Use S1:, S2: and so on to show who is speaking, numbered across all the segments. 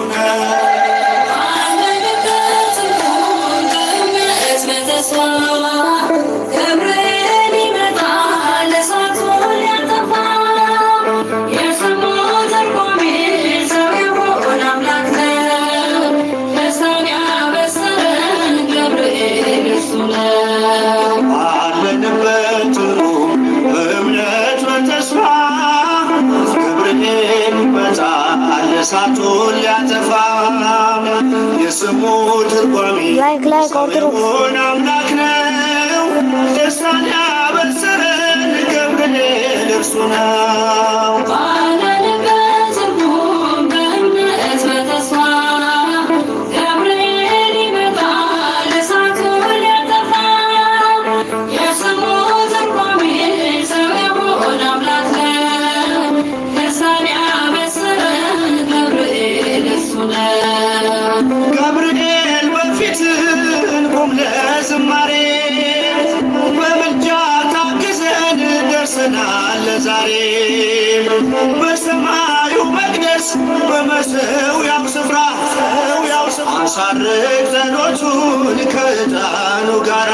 S1: I'm
S2: like a bird to moon, don't
S1: የስሙ ትርጓሜ የሆነ አምላክ ነው። ደስታን ያበሰረን ክብርን ለእርሱ ነው። ዛሬ በሰማዩ መቅደስ በመሰውያው ስፍራ አሳርግ ዘኖቹን ከዕጣኑ ጋራ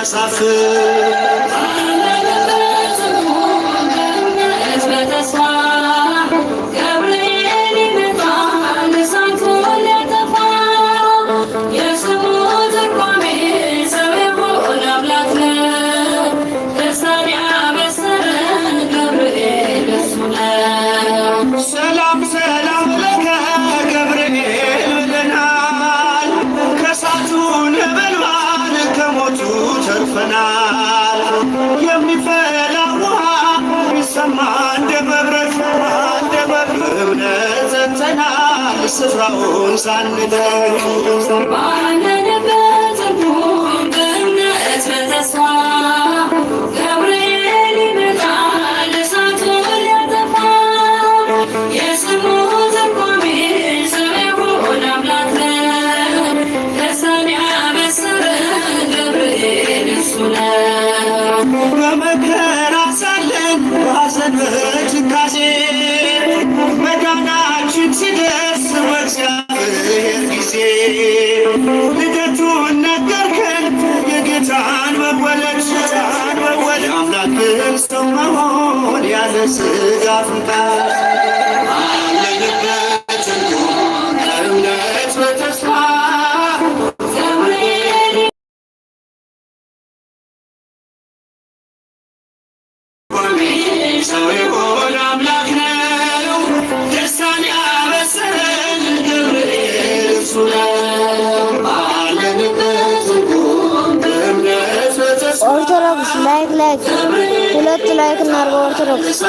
S1: passa a ስራውን ሳንለይ ስጋ ፍቃድ
S2: ኦርቶዶክስ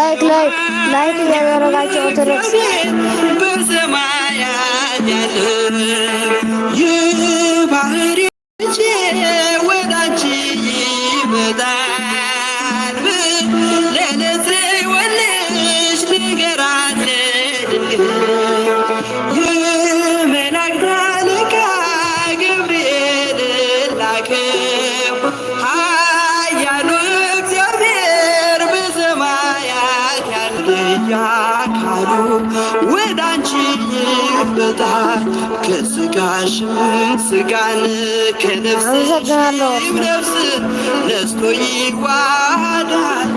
S3: ላይክ ላይክ ላይክ እያደረጋቸው ኦርቶዶክስ
S1: በሰማያት ያለ ይህ ባህሪ ወዳንቺ ይመጣል ስጋን ከነፍስሽ ነፍስ ነስቶ ይዋሃዳል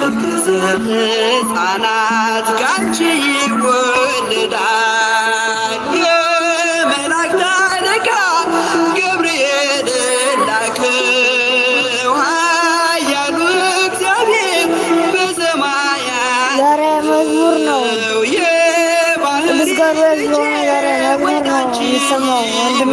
S1: ከዘ ሕፃናት ጋንቺ ይወለዳል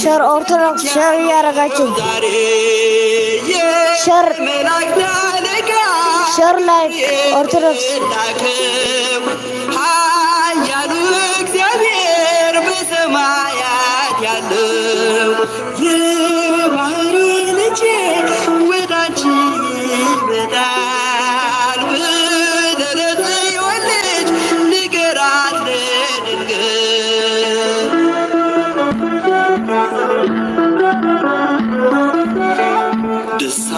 S3: ሸር ኦርቶዶክስ ሸር
S1: እያደረጋችሁ ሸር ሸር ላይ ኦርቶዶክስ ያሉ እግዚአብሔር በሰማያት ያለው ልጅ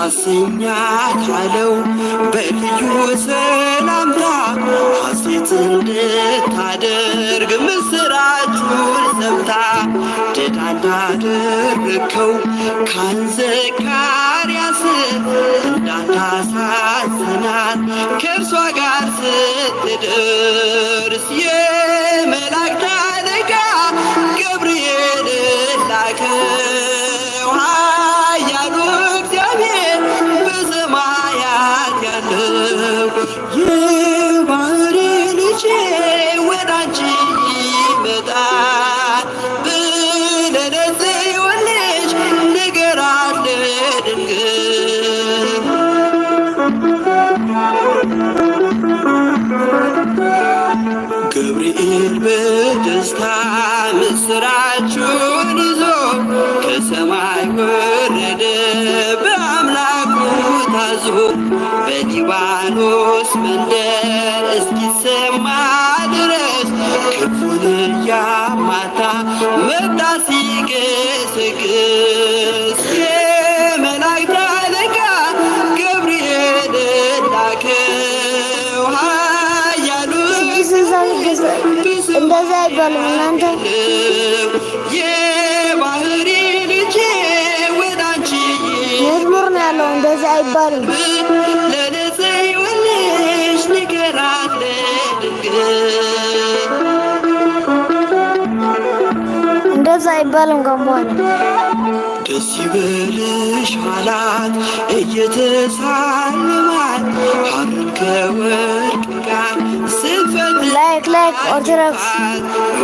S1: አሰኛት አለው በልዩ ሰላምታ ሐሴት እንድታደርግ ምስራቹን ሰምታ ድዳ እንዳደረከው ካንዘካርያስ እንዳታሳዝናት ከእርሷ ጋር ስትደርስ ሊባኖስ መንደር እስኪሰማ ድረስ ክንፉን እያማታ መጣ ሲገሰግስ የመላእክት አለቃ ገብርኤል ላከው። ኃያሉ
S3: እንደዛ አይባልም
S1: እናንተ የባህሪ ልጄ
S3: መዝሙር ነው ያለው እንደዛ
S1: አይባልም። ራለ
S3: እንደዛ አይባልም። ጋምቧል
S1: ደስ ይበልሽ አላት እየተሳለማት ሐሩን ከወርቅ ጋር
S3: ስንፈት ላይክ ላይክ ኦርቶዶክስ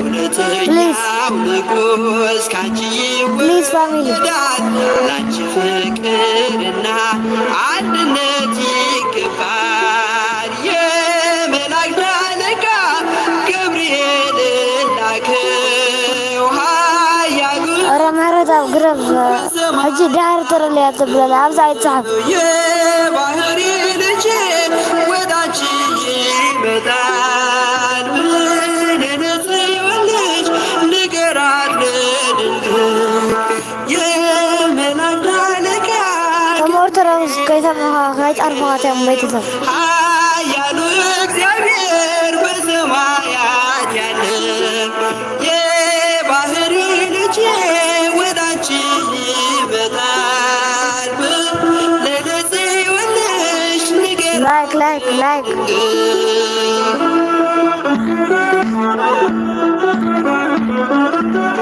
S1: እውነተኛው ንጉሥ ካንቺ ይወለዳል። ላንቺ ፍቅርና አንድነት ይገባል።
S3: قرب حجي داهر ترى اللي يطبلنا
S1: عم زعيد صاحب
S3: كيف أربعة أم بيتزا লাগবে Thank you.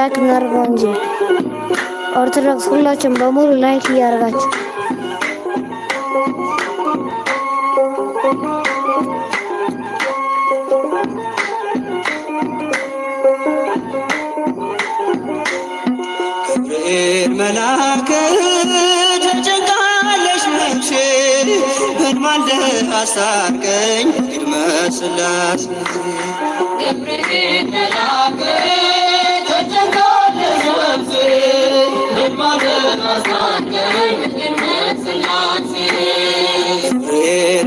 S3: ላይክ እናድርገው እንጂ ኦርቶዶክስ ሁላችን በሙሉ ላይክ እያደርጋችሁ ፍቅር
S1: መላከ ተጨንቃለሽ ነፍሴ እንማልደ ስላሴ
S2: ገብርኤል መላከ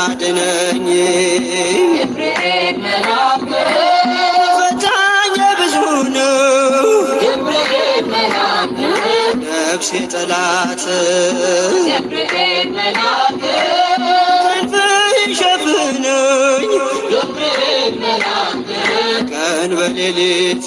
S1: አድነኝ
S2: ፈታኝ ብዙ ነው ነፍሴ
S1: ጠላት
S2: ክንፍህን
S1: ሸፍነኝ ቀን በሌሊት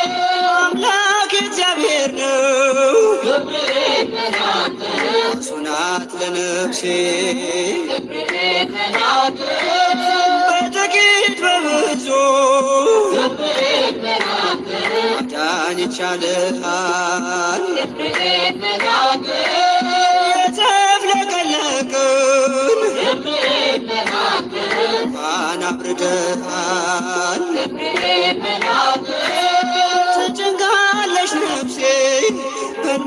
S1: እግዚአብሔር ነው እርሱ ናት ለነፍሴ በጥቂት በብዙ
S2: ማዳን
S1: ይቻልሃል
S2: የተፍለቀለቅን
S1: ባን አብርደሃል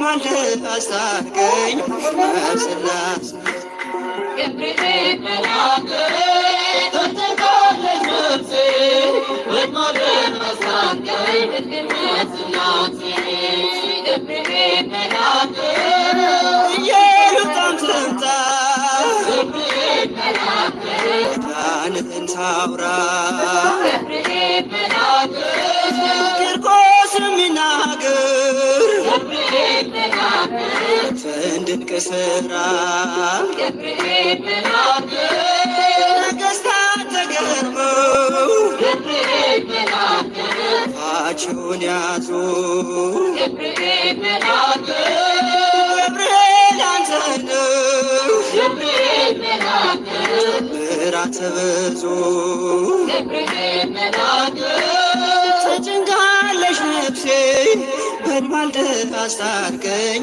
S1: ማልህ አስታርቀኝ ስላሴ ገብርኤል ትንድንቅ ስራ ነገስታት ተገርመው ፋቸውን ያዙ
S2: ገብርኤል
S1: ብዙ ነፍሴ በድባል ደፋስታርገኝ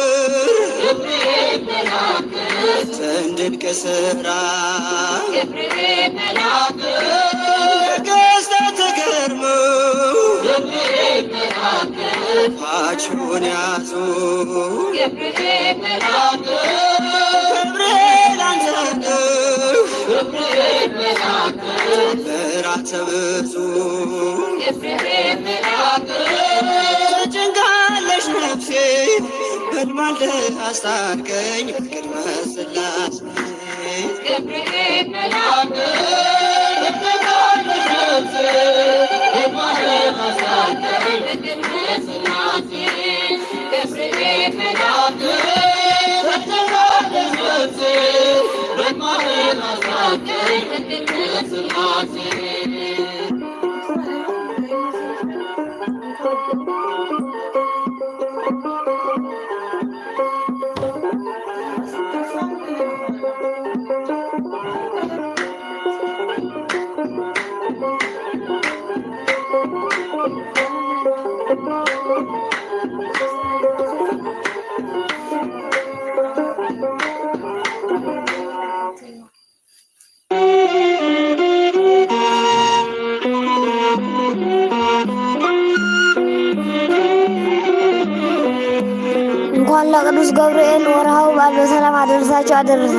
S1: ያንተን ድንቅ ስራ
S2: ነገሥታት ተገርመው
S1: ፋችሁን ያዙ ገብርኤል አንተ ነህ ምሕረት ብዙ ትቀድማለ አስታርቀኝ ቅድመ ስላሴ
S3: ቅዱስ ገብርኤል ወርሃው ባለው ሰላም አደረሳቸው አደረሰ።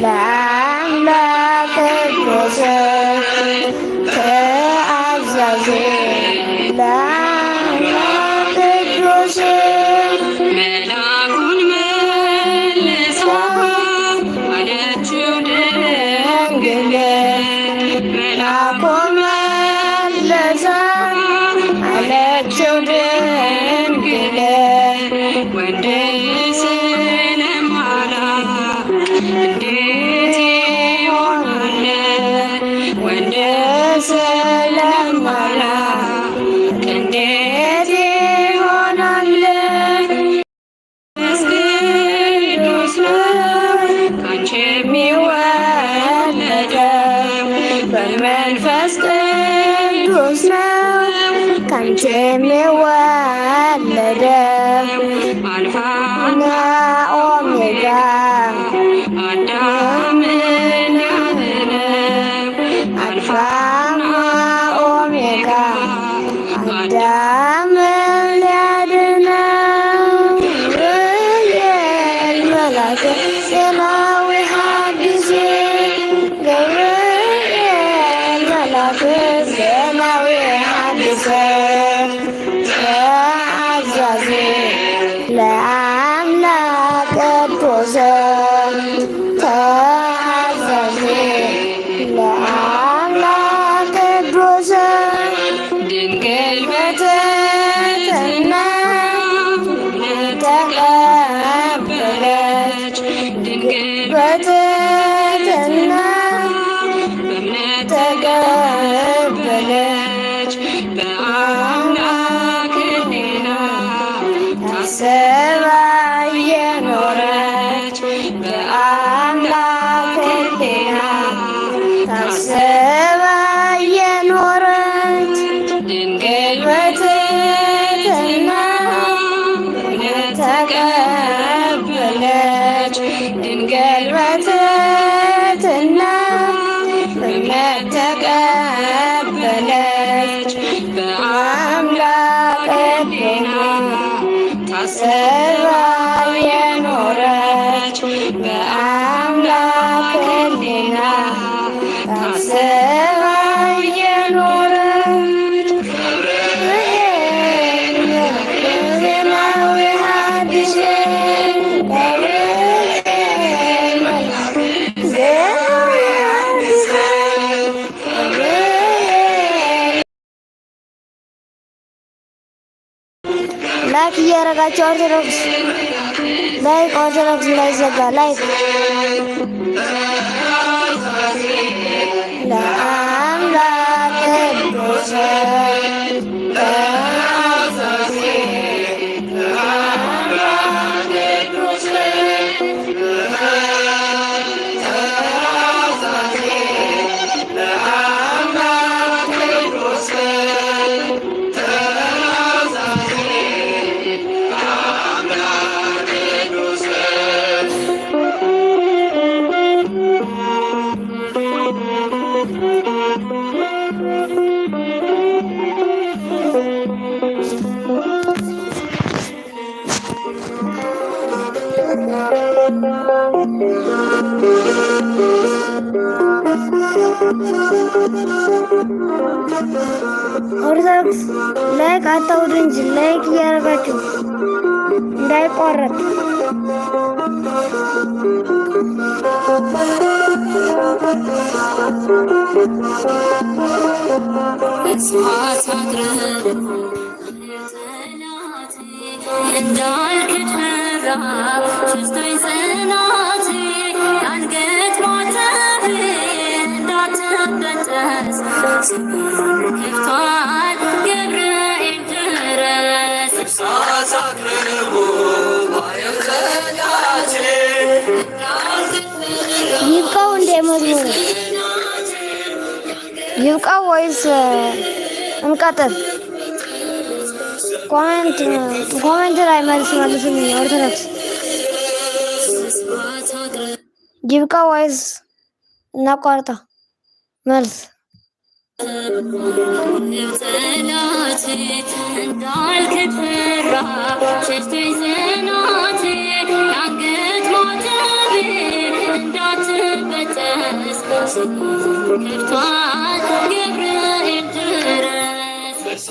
S2: 来。ተወለደ
S3: Karagach Orthodox. Like Orthodox like the like.
S2: The Amla
S1: Kedusha.
S3: ኦርቶዶክስ ላይክ አታውዱ እንጂ ላይክ እያደረጋችሁ እንዳይቋረጥ። ይብቃው እንደ መዝሙሩ ይብቃው ወይስ እንቀጥል? ኮሜንት ኮሜንት ላይ መልስ መልሱልኝ። ኦርቶዶክስ ይብቃው ወይስ እናቋርጠው? መልስ
S2: ጠላት እንዳልከፈራ ሸሽቶኝ ዘናት ማተቤ እንዳትበጠስ ስኩ ከብቷል ገብርኤል ድረስ